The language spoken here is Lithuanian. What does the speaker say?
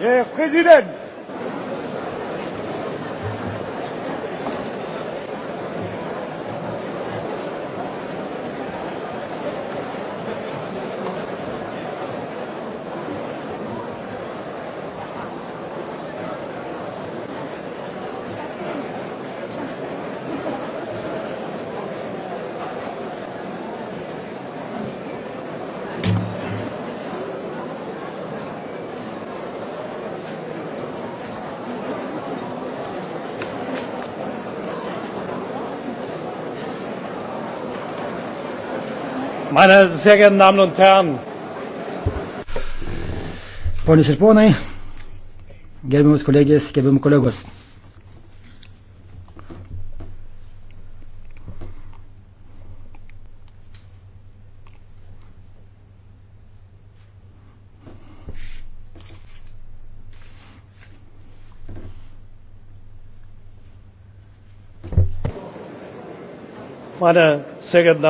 Herr eh, Präsident! Meine sehr geehrten Damen und Herren, Ponius ir ponai, gerbiamus kolegės, gerbiamus kolegos. Meine sehr geehrten